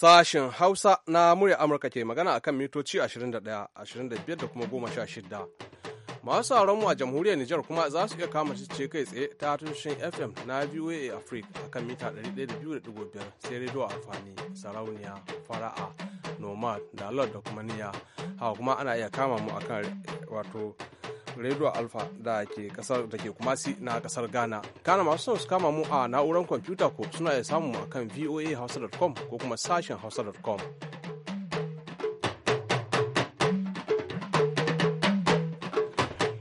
Sashen Hausa na murya Amurka ke magana akan mitoci 21, 25 da kuma 16. masu sauran mu a jamhuriyar Nijar kuma za su iya kama shi ce kai tsaye ta tushen FM na VOA Africa akan mita 102.5 sai rediyo amfani sarauniya fara'a nomad da lord da kuma niya hawa kuma ana iya kama mu akan wato rediyo alfa da ke kasar da ke kumasi na kasar ghana kana masu son su kama mu a na'urar kwamfuta ko suna iya samu akan voahausa.com ko kuma sashen hausa.com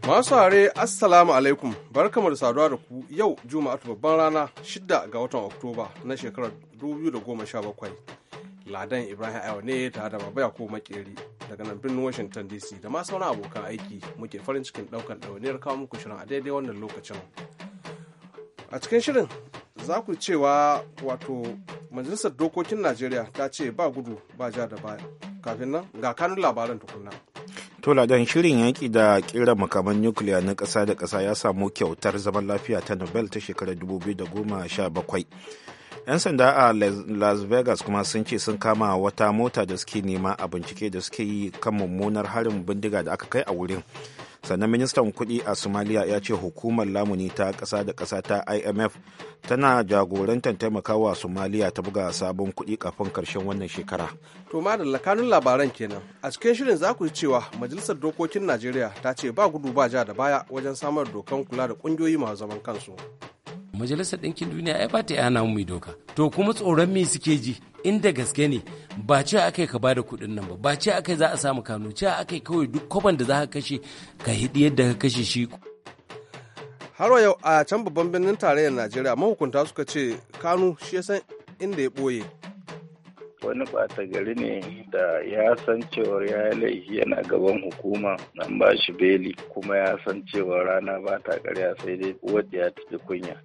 Masu hare Assalamu alaikum barkamu da saduwa da ku yau Juma'atu babban rana shidda ga watan Oktoba na shekarar 2017. Ladan Ibrahim Ayo ne tare da Baba Yakubu Makeri daga nan birnin Washington DC da ma sauran abokan aiki muke farin cikin daukan ɗauniyar kawo muku shirin a daidai wannan lokacin. A cikin shirin za ku cewa wato Majalisar Dokokin Najeriya ta ce ba gudu ba ja da baya. Kafin nan ga kanun labaran tukunna. tola ladan shirin yaƙi da ƙira makaman nukiliya na ƙasa da ƙasa ya samu kyautar zaman lafiya ta nobel ta shekarar 2017 'yan sanda a las vegas kuma sun ce sun kama wata mota da suke nema a bincike da suke yi kan mummunar harin bindiga da aka kai a wurin sannan ministan kudi a somalia ya ce hukumar lamuni ta kasa da kasa ta imf tana jagorantar taimakawa somalia ta buga sabon kudi kafin karshen wannan shekara to madalla kanun labaran kenan a cikin shirin za ku ji cewa majalisar dokokin najeriya ta ce ba gudu ba ja da baya wajen samar dokan kula da kungiyoyi masu zaman kansu majalisar ɗinkin duniya ai ba ta hana mu doka to kuma tsoron me suke ji inda gaske ne ba ce aka ka bada kuɗin nan ba ba ce aka za a samu kano ce aka kawai duk kwaban da za ka kashe ka hidi yadda ka kashe shi har yau a can babban birnin tarayyar najeriya mahukunta suka ce kano shi ya san inda ya ɓoye wani ɓata gari ne da ya san cewar ya laifi yana gaban hukuma nan ba shi beli kuma ya san cewar rana ba ta ƙarya sai dai wadda ya tafi kunya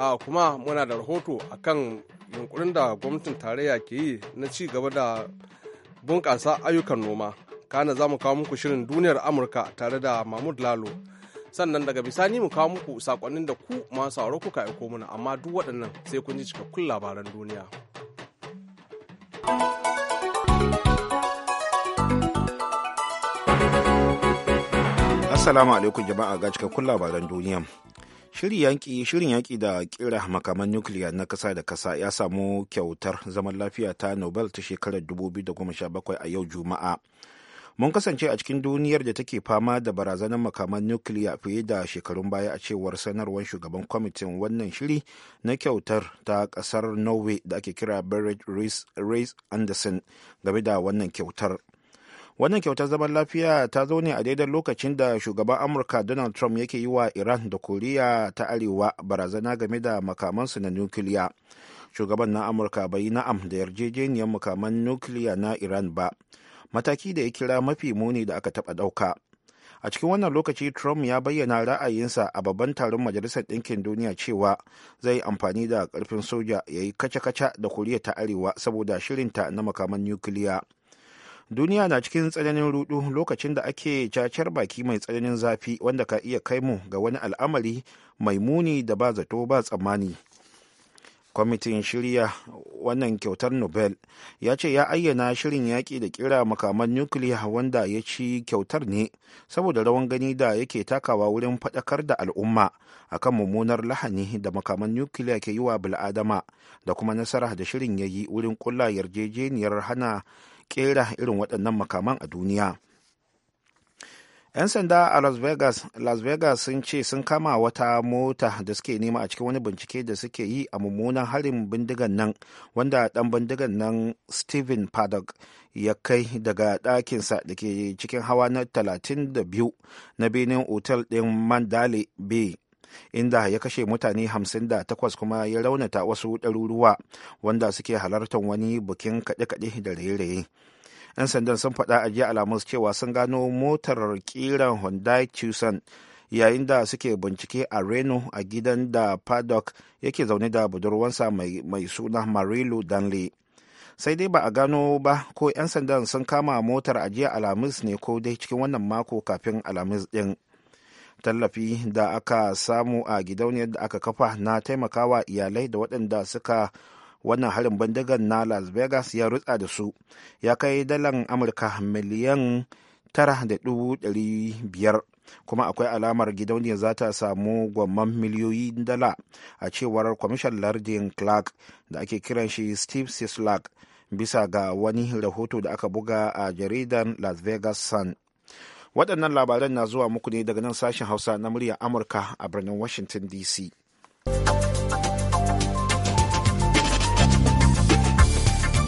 a kuma muna da rahoto a kan yunkurin da gwamnatin tarayya ke yi na ci gaba da bunƙasa ayyukan noma kana za mu kawo muku shirin duniyar amurka tare da mahmud lalo sannan daga bisani mu kawo muku sakonnin da ku masu aure kuka aiko mana amma duk waɗannan sai kun ji cikakkun labaran duniya assalamu alaikum jama'a ga cikakkun labaran duniya Shirin yaƙi da ƙira makaman nukiliya na ƙasa da kasa ya samu kyautar zaman lafiya ta Nobel ta shekarar 2017 a yau Juma'a. Mun kasance a cikin duniyar da take fama da barazanar makaman nukiliya fiye da shekarun baya a cewar sanarwar shugaban kwamitin wannan shiri na kyautar ta kasar Norway da ake kira Berit Rees Anderson game da wannan kyautar. wannan kyautar zaman lafiya ta zo ne a daidai lokacin da shugaban amurka donald trump yake yi wa iran da koriya ta arewa barazana game da makamansu na nukiliya shugaban na amurka bai yi na'am da yarjejeniyar makaman nukiliya na iran ba mataki da ya kira mafi muni da aka taba ɗauka a cikin wannan lokaci trump ya bayyana ra'ayinsa a babban taron majalisar ɗinkin duniya cewa zai yi amfani da ƙarfin soja ya yi kaca-kaca da koriya ta arewa saboda shirinta na makaman nukiliya duniya na cikin tsananin rudu lokacin da ake cacar baki mai tsananin zafi wanda ka iya kai mu ga wani al'amari mai muni da ba zato ba tsammani kwamitin shirya wannan kyautar nobel ya ce ya ayyana shirin yaƙi da kira makaman nukiliya wanda ya ci kyautar ne saboda rawan gani da yake takawa wurin faɗakar da al'umma akan mummunar lahani da makaman nukiliya ke yi wa bil'adama da kuma nasara da shirin ya yi wurin ƙulla yarjejeniyar hana kera irin waɗannan makaman a duniya 'yan sanda a las vegas las vegas sun ce sun kama wata mota da suke nema a cikin wani bincike da suke yi a mummunan harin bindigan nan wanda ɗan bindigan nan steven paddock ya kai daga ɗakinsa da ke cikin hawa na 32 na benin otal ɗin Mandalay bay inda ya kashe mutane 58 kuma ya raunata wasu ɗaruruwa wanda suke halartar wani bukin kaɗe-kaɗe da raye-raye. 'yan sandan sun faɗa a jiya alamus cewa sun gano motar kiran Hyundai Tucson yayin da suke bincike a Reno a gidan da Paddock yake zaune da budurwansa mai suna Marilu Danley. sai dai ba a gano ba ko 'yan sandan sun kama motar a jiya alhamis ne ko dai cikin wannan mako kafin alhamis din tallafi da aka samu a gidauniyar da aka kafa na taimakawa iyalai da waɗanda suka wannan harin bindigan na las vegas ya rutsa da su ya kai dalan amurka miliyan 9.5 kuma akwai alamar gidauniyar za ta samu gwamman miliyoyi dala a cewar kwamishin lardin clark da ake kiran shi steve sislak bisa ga wani rahoto da aka buga a jaridan las vegas sun waɗannan labaran na zuwa muku ne daga nan sashen hausa na muryar amurka a birnin washington dc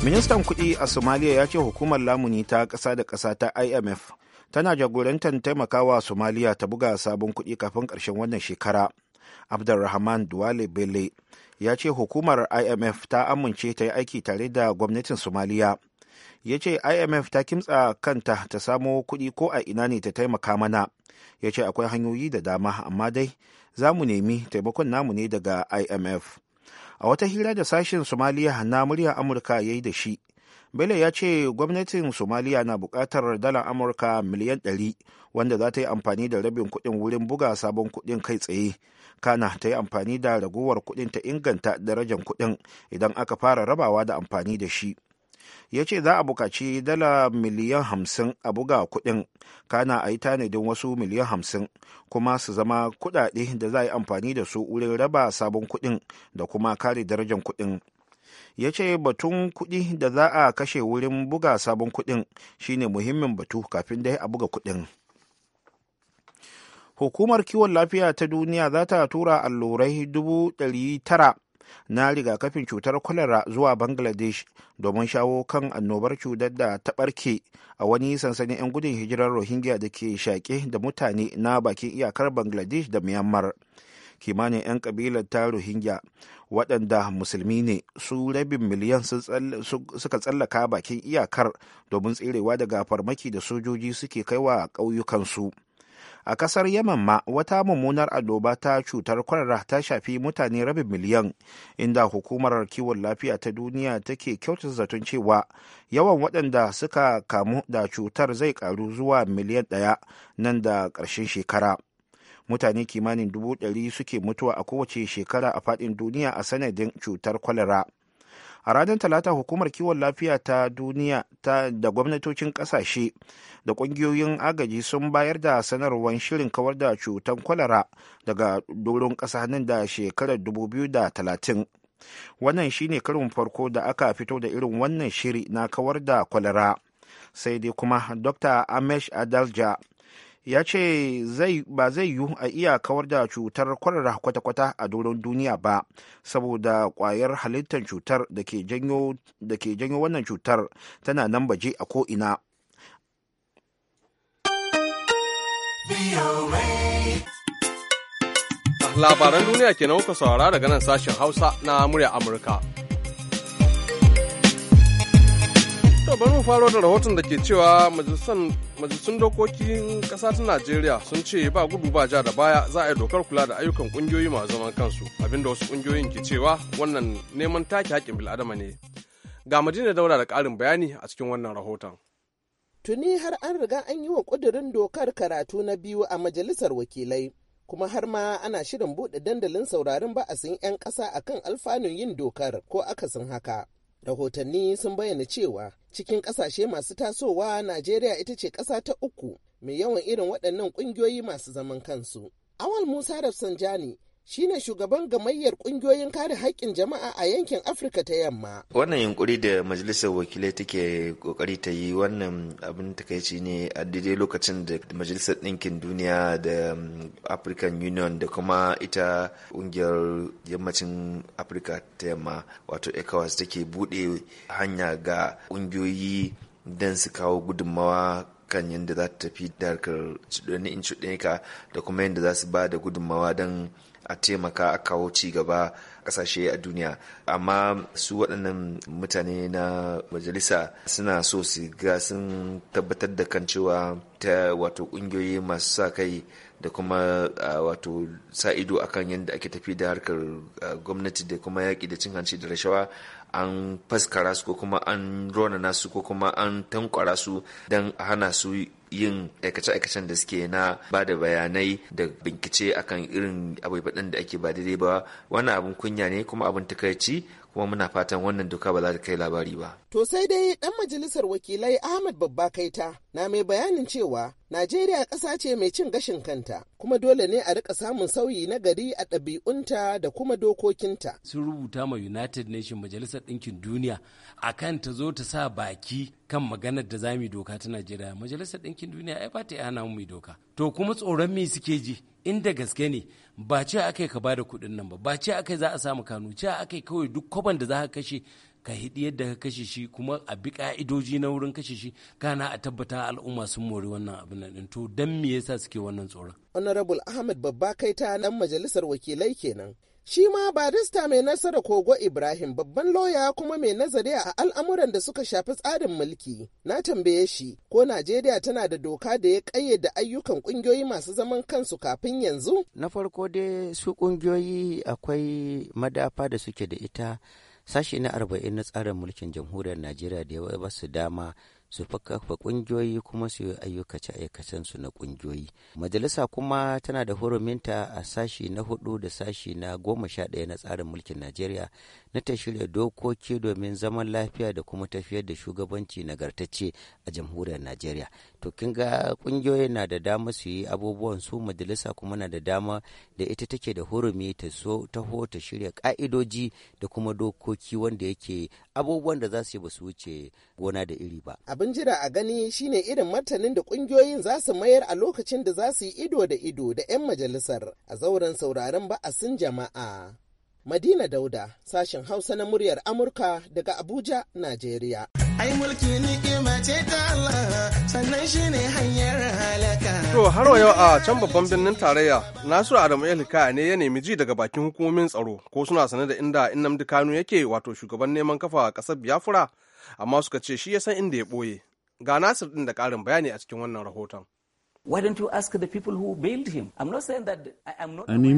ministan kuɗi a somaliya ya ce hukumar lamuni ta ƙasa da ƙasa ta imf tana jagorantar taimakawa somaliya ta buga sabon kuɗi kafin ƙarshen wannan shekara abdulrahman duwale bele ya ce hukumar imf ta amince ta yi aiki tare da gwamnatin somaliya ya ce imf ta kimtsa kanta ta samo kuɗi ko a ina ne ta taimaka mana ya ce akwai hanyoyi da dama amma dai za mu nemi taimakon namu ne daga imf a wata hira da sashen somaliya na muryar amurka ya yi da shi Bello ya ce gwamnatin Somaliya na bukatar dalar Amurka miliyan 100 wanda za ta yi amfani da rabin kuɗin wurin buga sabon kuɗin kai tsaye. Kana ta yi amfani da ragowar kuɗin ta inganta darajar kuɗin idan aka fara rabawa da amfani da shi. ya ce za a bukaci dala miliyan hamsin a buga kuɗin kana a yi tanadin wasu miliyan hamsin kuma su zama kuɗaɗe da za a yi amfani da su wurin raba sabon kuɗin da kuma kare darajar kuɗin ya ce batun kuɗi da za a kashe wurin buga sabon kuɗin shine muhimmin batu kafin dai a buga kuɗin. hukumar kiwon lafiya ta duniya za ta tura allurai tara. na rigakafin cutar kwalara zuwa bangladesh domin shawo kan annobar cutar da ta ɓarke a wani sansanin 'yan gudun hijirar rohingya da ke shaƙe da mutane na bakin iyakar bangladesh da myanmar kimanin 'yan kabilar ta rohingya waɗanda musulmi ne su rabin miliyan suka tsallaka bakin iyakar domin tserewa daga farmaki da sojoji suke kaiwa ƙauyukansu. su a kasar yaman ma wata mummunar adoba ta cutar kwalara ta shafi mutane rabin miliyan inda hukumar kiwon lafiya ta duniya take kyauta zaton cewa yawan waɗanda suka kamu da cutar zai karu zuwa miliyan ɗaya nan da ƙarshen shekara mutane kimanin dubu ɗari suke mutuwa a kowace shekara a faɗin duniya a sanadin cutar kwalara a ranar talata hukumar kiwon lafiya ta duniya ta da gwamnatocin kasashe da kungiyoyin agaji sun bayar da sanarwar shirin kawar da cutar kwalara daga doron ƙasa nan da shekarar 2030 wannan shine karin farko da aka fito da irin wannan shiri na kawar da kwalara sai dai kuma dr amesh adalja ya ce ba zai yiwu a iya kawar da cutar kwararra kwata-kwata a doron duniya ba saboda kwayar halittar cutar da ke janyo wannan cutar tana nan baje a ko'ina labaran duniya kenan kuka saurara daga nan sashen hausa na murya amurka To bari mu faro da rahoton da ke cewa majalisun dokokin kasa ta Najeriya sun ce ba gudu ba ja da baya za a yi dokar kula da ayyukan kungiyoyi masu zaman kansu abinda wasu kungiyoyin ke cewa wannan neman take haƙƙin bil'adama ne. Ga Madina Daura da ƙarin bayani a cikin wannan rahoton. Tuni har an riga an yi wa ƙudurin dokar karatu na biyu a majalisar wakilai. kuma har ma ana shirin buɗe dandalin sauraron ba'asin 'yan ƙasa akan alfanun yin dokar ko akasin haka. Rahotanni sun bayyana cewa cikin ƙasashe masu tasowa Najeriya ita ce ƙasa ta uku mai yawan irin waɗannan ƙungiyoyi masu zaman kansu. Awal Musa Rafsanjani shine shugaban gamayyar kungiyoyin kare haƙƙin jama'a a yankin afirka ta yamma wannan yunkuri da majalisar wakilai take kokari ta yi wannan abin takaici ne a daidai lokacin da majalisar ɗinkin duniya da um, african union da kuma ita ƙungiyar yammacin afirka ta yamma wato ecowas take buɗe hanya ga ƙungiyoyi don su kawo gudunmawa kan yadda za ta tafi da harkar cuɗani in da kuma yadda za su ba da gudunmawa don a taimaka a kawo cigaba gaba kasashe a duniya amma su waɗannan mutane na majalisa suna so su ga sun tabbatar da kan cewa ta wato ƙungiyoyi masu sa kai da kuma wato sa ido akan yadda ake tafi da harkar gwamnati da kuma yaƙi da cin hanci da rashawa an faskara su ko kuma an rona nasu ko kuma an tankwara su don hana su yin aikace-aikacen da suke na ba da bayanai da bincike akan irin abubuwan da ake ba daidai ba wannan abin kunya ne kuma abin takaici kuma muna fatan wannan doka ba za ta kai labari ba. To sai dai ɗan majalisar wakilai Ahmad Babba Kaita na mai bayanin cewa Najeriya ƙasa ce mai cin gashin kanta kuma dole ne a rika samun sauyi na gari a ɗabi'unta da kuma dokokinta. Sun rubuta ma United Nation Majalisar Ɗinkin Duniya akan ta zo ta sa baki kan maganar da mu doka ta Najeriya. Majalisar cikin duniya ai ba ta hana mu doka to kuma tsoron me suke ji inda gaske ne ba ce yi ka bada kuɗin nan ba ba ce yi za a samu kanu ce yi kawai duk kwaban da za ka kashe ka hidi yadda ka kashe shi kuma a bi ka'idoji na wurin kashe shi kana a tabbata al'umma sun mori wannan abin nan to dan me yasa suke wannan tsoron honorable ahmed babba kaita ta nan majalisar wakilai kenan Shi ma barista mai nasara Kogo Ibrahim babban lauya kuma mai nazari a al'amuran da suka shafi tsarin mulki. Na tambaye shi ko Najeriya tana da doka da ya ƙayyade ayyukan ƙungiyoyi masu zaman kansu kafin yanzu? Na farko dai su ƙungiyoyi akwai madafa da suke da ita sashi na arba'in na tsarin mulkin jamhuriyar Najeriya da ya basu dama su fakafa kungiyoyi kuma su yi ayyukace aikacensu na kungiyoyi majalisa kuma tana da huruminta a sashi na hudu da sashi na goma sha ɗaya na tsarin mulkin najeriya na ta shirya dokoki domin zaman lafiya da kuma tafiyar da shugabanci nagartacce a jamhuriyar najeriya to kin ga kungiyoyi na da dama su yi abubuwan su majalisa kuma na da dama da ita take da hurumi ta so taho ta shirya ka'idoji da kuma dokoki wanda yake abubuwan da za su yi ba su wuce gona da iri ba. Abin jira a gani shine irin martanin da kungiyoyin za su mayar a lokacin da za su yi ido da ido da 'yan majalisar a zauren sauraron ba'asin jama'a. Madina Dauda, sashen Hausa na muryar Amurka daga Abuja, Najeriya. Ai mulki ni'ima ce ta Allah, sannan shi ne hanyar halaka. To har wa yau a can babban birnin tarayya, Nasiru Adamu Elika ne ya nemi ji daga bakin hukumomin tsaro ko suna sane da inda Nnamdi Kanu yake wato shugaban neman kafa ƙasar Biafra, amma suka ce shi ya san inda ya ɓoye. Ga Nasiru ɗin da ƙarin bayani a cikin wannan rahoton. A nemi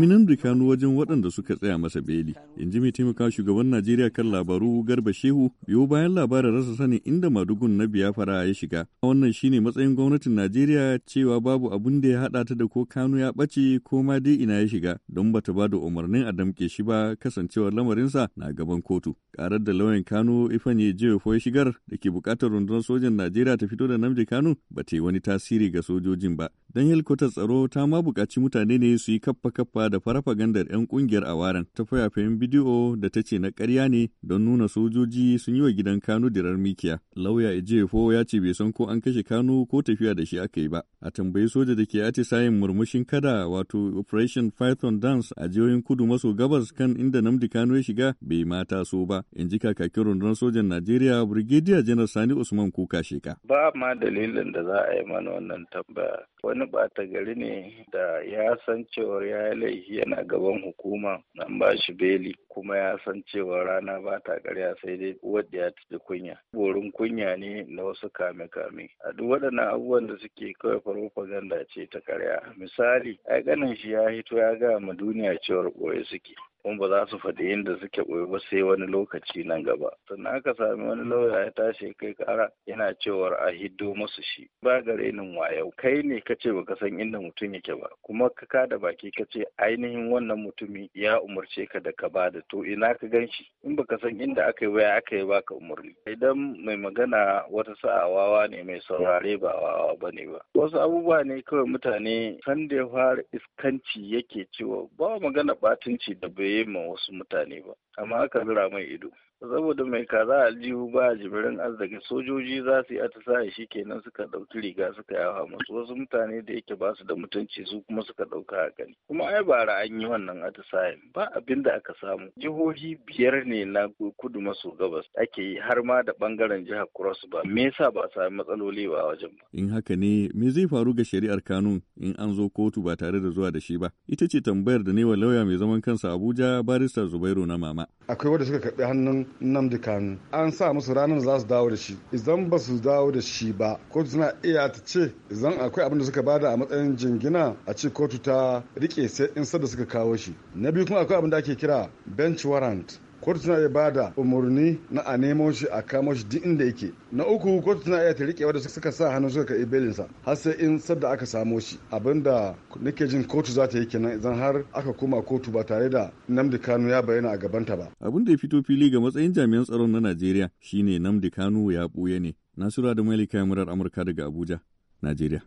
nan Kanu wajen waɗanda suka tsaya masa beli, in ji mai taimaka shugaban Najeriya kan labaru Garba Shehu, biyo bayan labarin rasa sanin inda madugun na biyafara ya shiga. Wannan shine matsayin gwamnatin Najeriya cewa babu abin da ya haɗa ta da ko Kanu ya ɓace ko ma dai ina ya shiga, don bata ta ba da umarnin a damƙe shi ba kasancewar lamarinsa na gaban kotu. karar da lauyan Kano Ifanye Jewefo ya shigar da ke buƙatar rundunar sojan Najeriya ta fito da Namdi kano ba ta yi wani tasiri ga sojojin aikin ba don helkwatar tsaro ta ma buƙaci mutane ne su yi kaffa-kaffa da farafagandar 'yan ƙungiyar a waran ta fayafayin bidiyo da ta ce na ƙarya ne don nuna sojoji sun yi wa gidan kano dirar mikiya lauya ejefo ya ce bai san ko an kashe kano ko tafiya da shi aka yi ba a tambayi soja da ke atisayen murmushin kada wato operation python dance a jihohin kudu maso gabas kan inda namdi kano ya shiga bai mata so ba in ji kakakin rundunar sojan najeriya brigadier janar sani usman kuka sheka ba ma dalilin da za a yi mana wannan tambaya wani ɓata gari ne da ya san cewar ya yi laifi yana gaban hukuma nan ba shi beli kuma ya san cewa rana ba ta karya sai dai wadda ya tafi kunya. Borin kunya ne na wasu kame-kame. A duk waɗannan abubuwan da suke kawai farfaganda ce ta karya, Misali, ai ganin shi ya hito ya gaya ma duniya cewar ɓoye suke. kuma ba za su faɗi inda suke ɓoye ba sai wani lokaci nan gaba sannan aka sami wani lauya ya tashi kai kara yana cewar a hiddo masu shi ba gare nin wayau kai ne ka ce baka san inda mutum yake ba kuma ka da baki ka ce ainihin wannan mutumi ya umarce ka da ka ba da to ina ka gan shi in baka san inda aka yi ba aka yi baka umarni idan mai magana wata sa'a wawa ne mai saurare ba wawa ba ne ba wasu abubuwa ne kawai mutane san da ya fara iskanci yake cewa ba magana batunci da bai 要么我什么都没有。amma aka zura mai ido saboda mai kaza aljihu ba a jibirin arziki sojoji za su yi atisaye shi kenan suka ɗauki riga suka hawa musu wasu mutane da yake ba su da mutunci su kuma suka ɗauka a gani kuma ai bara an yi wannan atisaye ba abin da aka samu jihohi biyar ne na kudu maso gabas ake yi har ma da bangaren jihar cross ba me yasa ba a sami matsaloli ba a wajen ba in haka ne me zai faru ga shari'ar kanun in an zo kotu ba tare da zuwa da shi ba ita ce tambayar da ne wa lauya mai zaman kansa abuja barista zubairu na mama Yarima. Akwai wanda suka karɓi hannun Nnamdi Kanu. An sa musu ranar za su dawo da shi. Idan ba su dawo da shi ba, kotu suna iya ta ce idan akwai abin da suka bada a matsayin jingina a ce kotu ta rike sai in da suka kawo shi. Na biyu kuma akwai abin da ake kira bench warrant. kotu tana iya ba da umarni na a nemo shi a kamo shi duk inda yake na uku kotu tana iya ta rike wanda suka sa hannu suka karɓi belinsa har sai in sadda aka samo shi abinda nake jin kotu za ta yi kenan idan har aka koma kotu ba tare da namdi kanu ya bayyana a gabanta ba abin da ya fito fili ga matsayin jami'an tsaron na najeriya shine namdi kanu ya ɓuya ne nasura da malika murar amurka daga abuja najeriya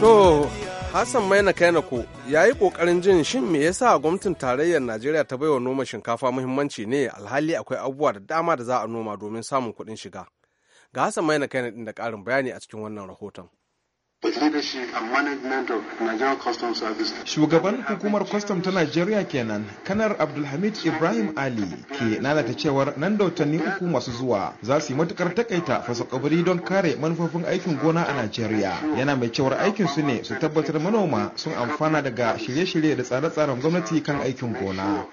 To Hassan Maina Kainako ya yi ƙoƙarin jin shin me yasa gwamnatin tarayyar Najeriya ta baiwa noma shinkafa muhimmanci ne alhali akwai abubuwa da dama da za a noma domin samun kuɗin shiga. Ga Hassan Maina Kainako da ƙarin bayani a cikin wannan rahoton. Shugaban hukumar kwastam ta Najeriya kenan, Kanar Abdulhamid Ibrahim Ali ke lalata cewar nan da watanni uku masu zuwa za su yi matukar takaita fasakabari don kare manufofin aikin gona a Najeriya. Yana mai cewar aikin su ne su tabbatar manoma sun amfana daga shirye-shirye da tsare-tsaren gwamnati kan aikin gona.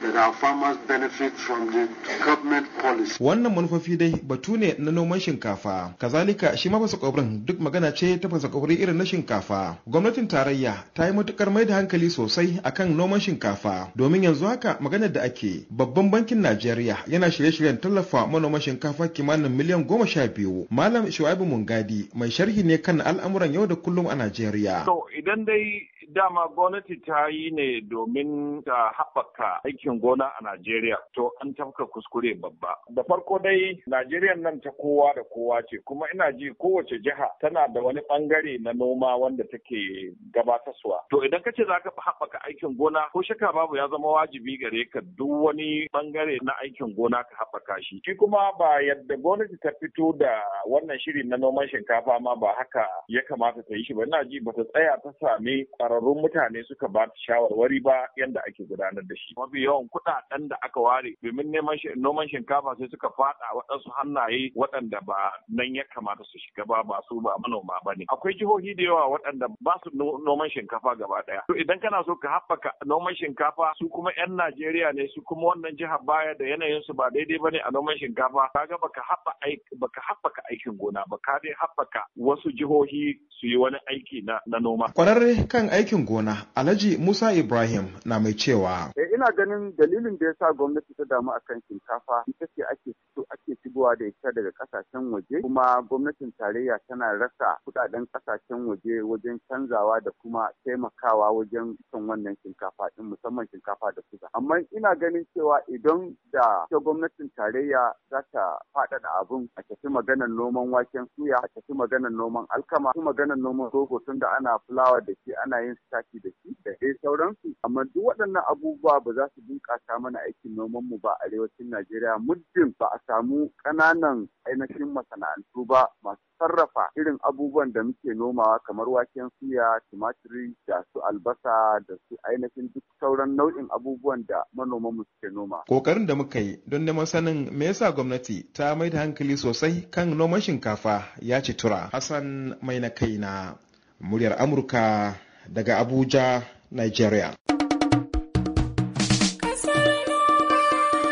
Wannan manufofi dai batu ne na noman shinkafa. Kazalika shi ma fasakabrin duk magana ce ta fasakabari irin na shinkafa. Gwamnatin tarayya ta yi matukar mai da hankali sosai a kan noman shinkafa domin yanzu haka maganar da ake babban bankin Najeriya yana shirye-shiryen tallafa manoman shinkafa kimanin miliyan goma sha biyu. Malam Shu'aibu Mungadi mai sharhi ne kan al'amuran yau da kullum a Najeriya. To idan dai dama gwamnati ta yi ne domin ta haɓaka aikin gona a Najeriya. To an tafka kuskure babba. Da farko dai Najeriya nan ta kowa da kowa ce kuma ina ji kowace jiha tana da wani ɓangare na noma wanda take gabataswa. To idan ka ce za ka haɓaka aikin gona ko shaka babu ya zama wajibi gare ka duk wani ɓangare na aikin gona ka haɓaka shi. Shi kuma ba yadda gwamnati ta fito da wannan shiri na noman shinkafa ma ba haka ya kamata ta yi shi ba. Ina ji ba ta tsaya ta sami ƙwararru kwararrun mutane suka ba shawarwari ba yadda ake gudanar da shi. Mafi yawan kuɗaɗen da aka ware domin neman noman shinkafa sai suka faɗa waɗansu hannaye waɗanda ba nan ya kamata su shiga ba ba su ba manoma ba ne. Akwai jihohi da yawa waɗanda ba su noman shinkafa gaba ɗaya. To idan kana so ka haɓaka noman shinkafa su kuma 'yan Najeriya ne su kuma wannan jihar baya da yanayin su ba daidai ba ne a noman shinkafa. Kaga baka haɓaka aikin gona ba ka dai haɓaka wasu jihohi su yi wani aiki na noma. Kwararre kan aiki aikin gona Alhaji Musa Ibrahim na mai cewa. Eh, ina ganin dalilin da ya sa gwamnati ta damu a kan shinkafa ita ce ake fito ake shigowa da ita daga kasashen waje kuma gwamnatin tarayya tana rasa kudaden kasashen waje wajen canzawa da kuma taimakawa wajen son wannan shinkafa din musamman shinkafa da suga. Amma ina ganin cewa idan da ita gwamnatin tarayya za ta faɗaɗa abun a tafi maganar noman waken suya a tafi maganar noman alkama, a tafi maganar noman rogo tun da ana fulawa da shi ana yin taki da shi da dai sauransu amma duk waɗannan abubuwa ba za su bunƙasa mana aikin noman mu ba a arewacin Najeriya muddin ba a samu ƙananan ainihin masana'antu ba masu sarrafa irin abubuwan da muke nomawa kamar waken suya, tumatiri da su albasa da su ainihin duk sauran nau'in abubuwan da manoman mu suke noma. Kokarin da muka yi don neman sanin me yasa gwamnati ta mai da hankali sosai kan noman shinkafa ya ci tura. Hassan mai na kaina muryar Amurka daga Abuja, Nigeria.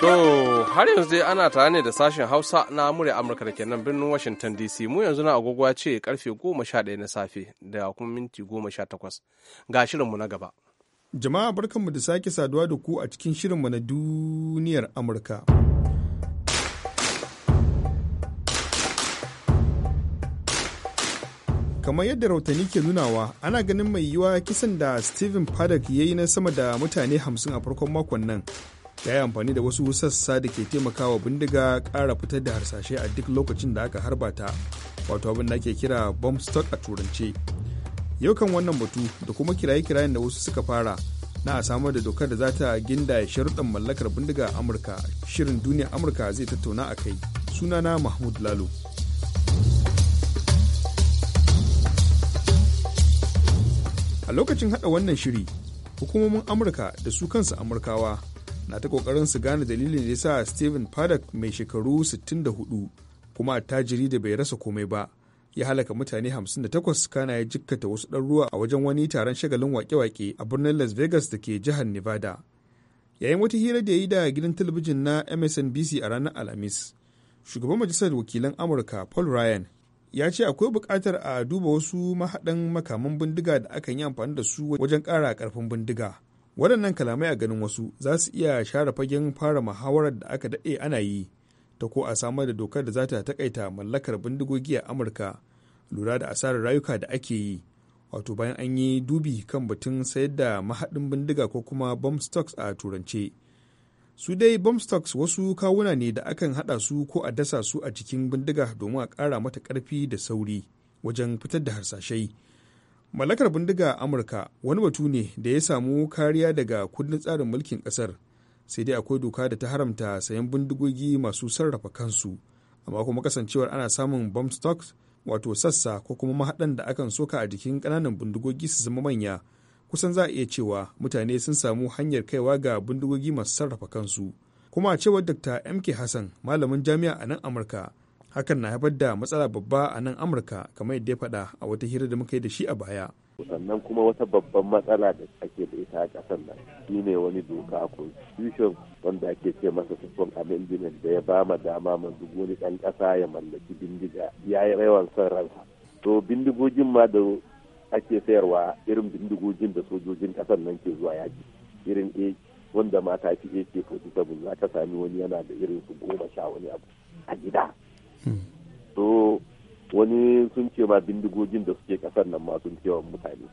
To har yanzu dai ana tare ne da sashen Hausa na murya Amurka da kenan birnin Washington DC mu yanzu na agogwa ce karfe 11 na safe da kuma minti 18 ga shirinmu na gaba. Jama'a barkanmu da sake saduwa da ku a cikin shirinmu na duniyar Amurka. kamar yadda rautani ke nunawa ana ganin mai yiwuwa kisan da steven paddock ya yi na sama da mutane 50 a farkon makon nan ya yi amfani da wasu sassa da ke taimakawa bindiga kara fitar da harsashe a duk lokacin da aka harba ta wato abin da ake kira bomb stock a turance yau kan wannan batu da kuma kiraye-kirayen da wasu suka fara na a samar da dokar da za ta ginda sharuɗan mallakar bindiga a amurka shirin duniya amurka zai tattauna a kai sunana mahmud lalo a lokacin hada wannan shiri hukumomin amurka da su kansu amurkawa na ta kokarin su gane dalilin da ya sa stephen paddock mai shekaru 64 kuma attajiri da bai rasa komai ba ya halaka mutane 58 kana ya jikkata wasu ɗaruruwa a wajen wani taron shagalin wake-wake a birnin las vegas da ke jihar nevada yayin wata hira da ya yi da gidan talabijin na msnbc a ranar alhamis shugaban majalisar wakilan amurka paul ryan ya ce akwai bukatar a duba wasu mahaɗan makaman bindiga da aka yi amfani da su wajen ƙara ƙarfin bindiga waɗannan kalamai a ganin wasu za su iya share fagen fara muhawarar da aka daɗe ana yi ta ko a samar da dokar da za ta takaita mallakar bindigogi a amurka lura da asarar rayuka da ake yi wato bayan an yi dubi kan batun sayar da mahaɗin bindiga ko kuma bomb stocks a turance su dai bombstocks wasu kawuna ne da akan hada su ko a dasa su a cikin bindiga domin a ƙara mata karfi da sauri wajen fitar da harsashai mallakar bindiga amurka wani batu ne da ya samu kariya daga kundin tsarin mulkin ƙasar sai dai akwai doka da ta haramta sayan bindigogi masu sarrafa kansu amma kuma kasancewar ana samun bombstocks wato sassa ko kuma mahaɗan da akan soka a jikin ƙananan bindigogi su zama manya kusan za a iya cewa mutane sun samu hanyar kaiwa ga bindigogi masu sarrafa kansu kuma a cewar dr mk hassan malamin jami'a a nan amurka hakan na haifar da matsala babba a nan amurka kamar yadda ya faɗa a wata hira da muka yi da shi a baya sannan kuma wata babban matsala da ake da ita a ƙasar nan ne wani doka a constitution wanda ake ce masa sufon amendment da ya ba ma dama ma duk wani ɗan ƙasa ya mallaki bindiga ya yi rawan son ransa to bindigogin ma da ake sayarwa irin bindigogin da sojojin kasar nan ke zuwa yaki irin a wanda mata fi ak-47 za ka sami wani yana da irin su goma sha wani abu a gida hmm. so wani sun ce ma bindigogin da suke kasar nan ma sun yawan mutane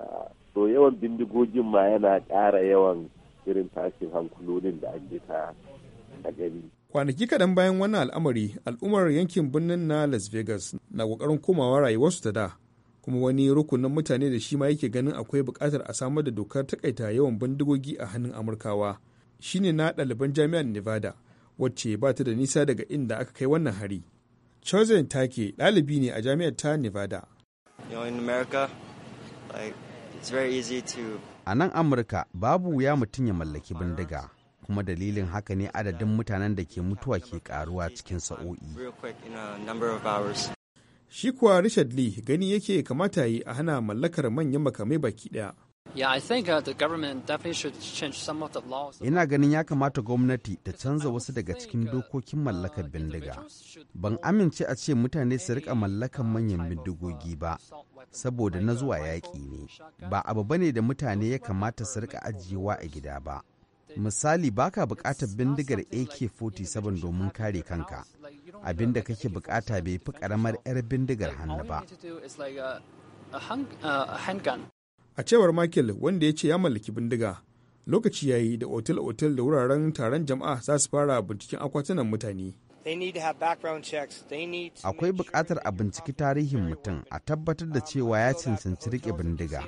ah, so yawan bindigogin ma yana ƙara yawan irin tashin hankulonin da ake ta a gani kwanaki kaɗan bayan wannan al'amari al'ummar yankin birnin na las vegas na ƙoƙarin komawa rayuwarsu ta da kuma wani rukunin mutane da shi ma yake ganin akwai buƙatar a samar da dokar takaita yawan bindigogi a hannun amurkawa shine na ɗaliban jami'ar nevada wacce ba ta da nisa daga inda aka kai wannan hari chosen take ɗalibi ne a jami'ar ta nevada a nan amurka babu wuya mutum ya mallaki bindiga kuma dalilin haka ne adadin mutanen da ke mutuwa ke karuwa cikin sa'o'i Shi kuwa Richard Lee gani yake kamata yi a hana mallakar manyan makamai baki ɗaya. Uh, Ina ganin ya kamata gwamnati ta canza wasu daga cikin dokokin mallakar bindiga. Ban amince a ce mutane su rika mallakar manyan bindigogi ba, saboda na zuwa yaƙi ne. Ba abu bane da mutane ya kamata su rika ajiyewa a gida ba. Misali baka bukatar bindigar AK-47 domin kare kanka. abin da kake bukata bai fi karamar 'yar bindigar hannu ba a cewar michael wanda ya ce ya mallaki bindiga lokaci yayi da otel-otel da wuraren taron jama'a za su fara binciken akwatunan mutane Akwai buƙatar a binciki tarihin mutum a tabbatar da um, cewa ya cancanci riƙe bindiga.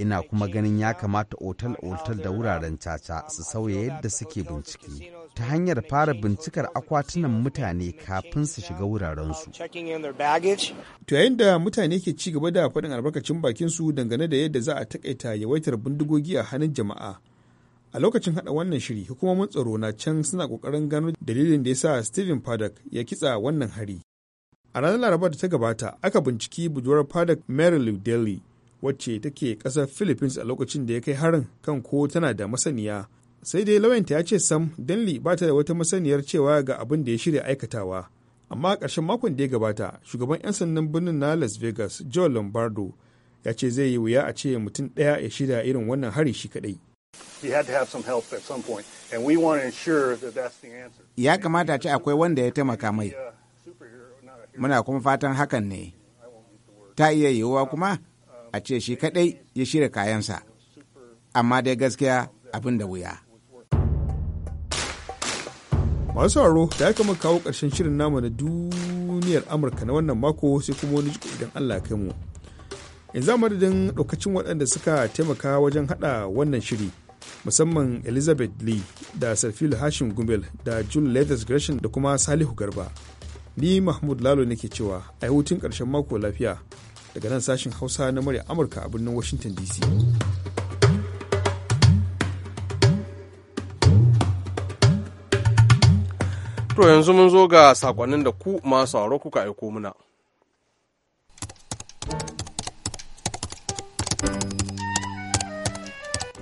Ina kuma ganin ya kamata otal-otal da um, wuraren caca um, su sauya yadda suke binciki, ta hanyar fara bincikar akwatunan mutane kafin su shiga wurarensu. To yayin da mutane ke ci gaba da faɗin albarkacin bakinsu dangane da yadda za a taƙaita yawaitar bindigogi a hannun jama'a. a lokacin hada wannan shiri hukumomin tsaro na can suna kokarin gano dalilin da ya sa stephen paddock ya kitsa wannan hari a ranar laraba da ta gabata aka binciki bujuwar paddock mary daly wacce take kasar philippines a lokacin da ya kai harin kan ko tana da masaniya sai dai lauyanta ya ce sam danli ba ta da wata masaniyar cewa ga abin da ya shirya aikatawa amma a ƙarshen makon da ya gabata shugaban 'yan sandan birnin na las vegas joe lombardo ya ce zai yi wuya a ce mutum ɗaya ya shirya irin wannan hari shi kaɗai he had to have some help at some point, and we want to ensure that that's the answer. Ya kamata ce akwai wanda ya taimaka mai. Muna kuma fatan hakan ne. Ta iya yiwuwa kuma a ce shi kaɗai ya shirya kayansa. Amma dai gaskiya abin da wuya. Masu sauraro ta yi kawo ƙarshen shirin namu na duniyar Amurka na wannan mako sai kuma wani jiko idan Allah kai mu. Yanzu a madadin ɗaukacin waɗanda suka taimaka wajen haɗa wannan shiri. musamman elizabeth lee da sarfil hashim gumbel da june leathers gresham da kuma salihu garba ni mahmud lalo nake cewa a hutun ƙarshen mako lafiya daga nan sashen hausa na murya amurka a birnin washington dc to yanzu mun zo ga sakonnin da ku masu kuka aiko muna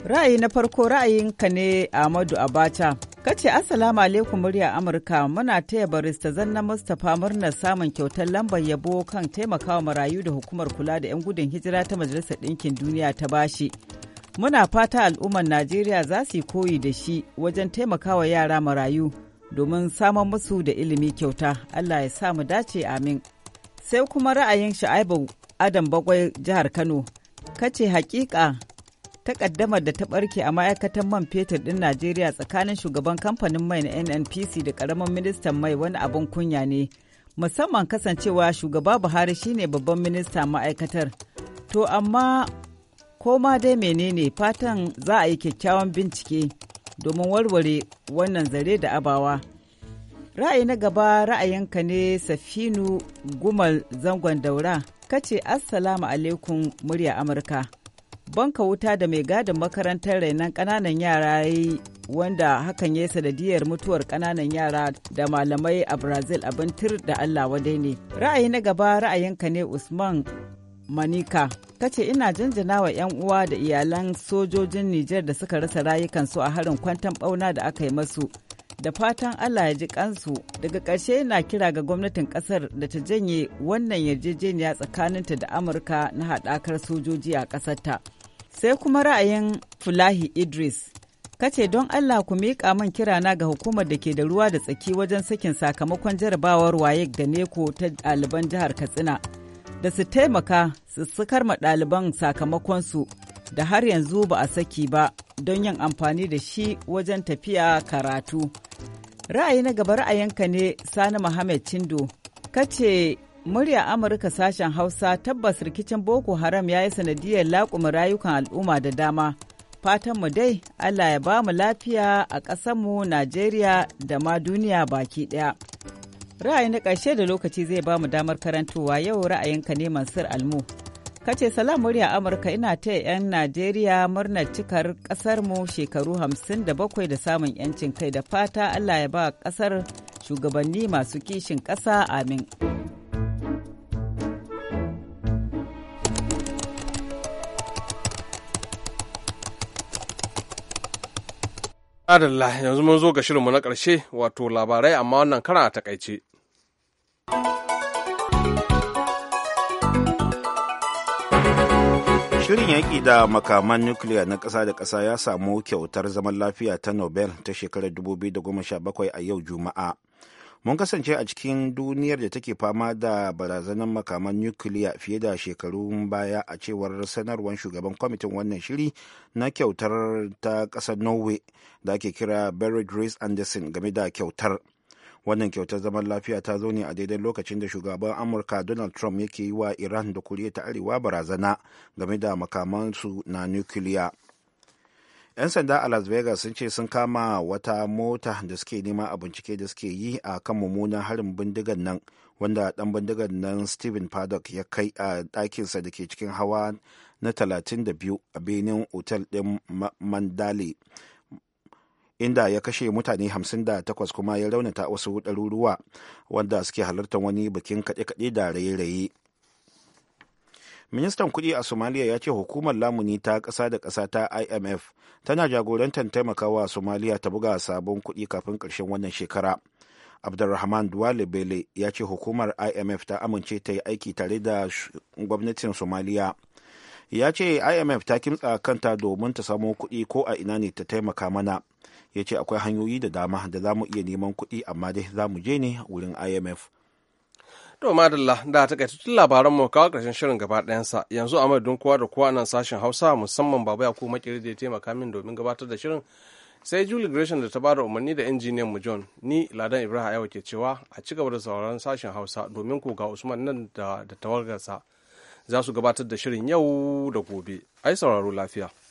Ra'ayi na farko ra'ayin ka ne Ahmadu Abacha. Kace Assalamu alaikum murya Amurka muna taya barista zanna Mustapha murnar samun kyautar lambar yabo kan taimakawa marayu da hukumar kula da 'yan gudun hijira ta Majalisar Ɗinkin Duniya ta bashi. Muna fata al'ummar Najeriya za su yi koyi da shi wajen taimakawa yara marayu domin samar musu da ilimi kyauta. Allah ya sa mu dace amin. Sai kuma ra'ayin Sha'aibu Adam Bagwai jihar Kano. Kace hakika takaddamar da ta barke a ma'aikatan man fetur ɗin Najeriya tsakanin shugaban kamfanin mai na NNPC da ƙaramin ministan mai wani abin kunya ne, musamman kasancewa shugaba Buhari shine babban minista ma'aikatar. To amma ko ma dai menene fatan za a yi kyakkyawan bincike domin warware wannan zare da abawa. Ra'ayi na gaba ra'ayinka ne Safinu Gumal Zangon Daura, kace Assalamu alaikum murya Amurka. banka wuta da mai gadin makarantar rainon ƙananan yara yi wanda hakan ya sanadiyar mutuwar ƙananan yara da malamai a brazil abin tir da allah wadai ne ra'ayi na gaba ra'ayinka ne usman manika kace ina jinjina wa 'yan uwa da iyalan sojojin nijar da suka rasa rayukansu a harin kwantan bauna da aka yi masu da fatan Allah ya ji kansu daga ƙarshe yana kira ga gwamnatin ƙasar da ta janye wannan yarjejeniya tsakaninta da Amurka na haɗakar sojoji a ƙasarta. Sai kuma ra'ayin Fulahi Idris kace don Allah ku miƙa man kirana ga hukumar da ke da ruwa da tsaki wajen sakin sakamakon jarabawar waye da neko ta ɗaliban jihar Katsina da su taimaka su sukar ma ɗaliban sakamakonsu da har yanzu ba a saki ba don yin amfani da shi wajen tafiya karatu. Ra'ayi na gaba ra'ayinka ne Sani Muhammad ka Kace murya Amurka sashen Hausa tabbas rikicin Boko Haram ya yi sanadiyar laƙuma rayukan al'umma da dama. Fatanmu dai Allah ya ba mu lafiya a ƙasarmu Najeriya da ma duniya baki ɗaya. Ra'ayi na ƙarshe da lokaci zai ba mu damar karantowa yau ra'ayinka ne Mansur Almu. kace salam murya amurka ina taya 'yan najeriya murnar cikar mu shekaru 57 da samun 'yancin kai da fata allah ya ba kasar shugabanni masu kishin ƙasa amin adalla yanzu mun zo ga shirinmu na ƙarshe wato labarai amma wannan kara a takaice Shirin yaƙi da makaman nukiliya na ƙasa da ƙasa ya samu kyautar zaman lafiya ta Nobel ta shekarar 2017 a yau Juma'a. Mun kasance a cikin duniyar da take fama da barazanar makaman nukiliya fiye da shekarun baya a cewar sanarwar shugaban kwamitin wannan shiri na kyautar ta ƙasar Norway da ake kira Berit Grace Anderson game da kyautar. wannan kyautar zaman lafiya ta zo ne a daidai lokacin da shugaban amurka donald trump yake yi wa iran da kuriya ta arewa barazana game da makamansu na nukiliya 'yan sanda a las vegas sun ce sun kama wata mota da suke nema a bincike da suke yi a kan mummunan harin bindigan nan wanda dan bindigan nan steven paddock ya kai a ɗakinsa da ke cikin hawa na 32 a benin otal din mandale inda ya kashe mutane 58 kuma ya raunata wasu ɗaruruwa wanda suke halartar wani bikin kaɗe-kaɗe da raye-raye ministan kuɗi a somaliya ya ce hukumar lamuni ta ƙasa da ƙasa ta imf tana jagorantar taimakawa somaliya ta buga sabon kuɗi kafin ƙarshen wannan shekara abdulrahman duwale bele ya ce hukumar imf ta amince ta yi aiki tare da gwamnatin somaliya ya ce imf ta kimtsa kanta domin ta samo kuɗi ko a ina ne ta taimaka mana ya ce akwai hanyoyi da dama da za mu iya neman kuɗi amma dai za mu je ne wurin imf to madalla da ta kai labaran mu kawo karshen shirin gaba ɗayansa yanzu a madadin kowa da kowa nan sashen hausa musamman baba ya kiri da ya taimaka min domin gabatar da shirin sai julie gresham da ta bada umarni da injiniyan mu john ni ladan ibrahim ayawa ke cewa a ci gaba da sauraron sashen hausa domin ku ga usman nan da tawagarsa za su gabatar da shirin yau da gobe ai sauraro lafiya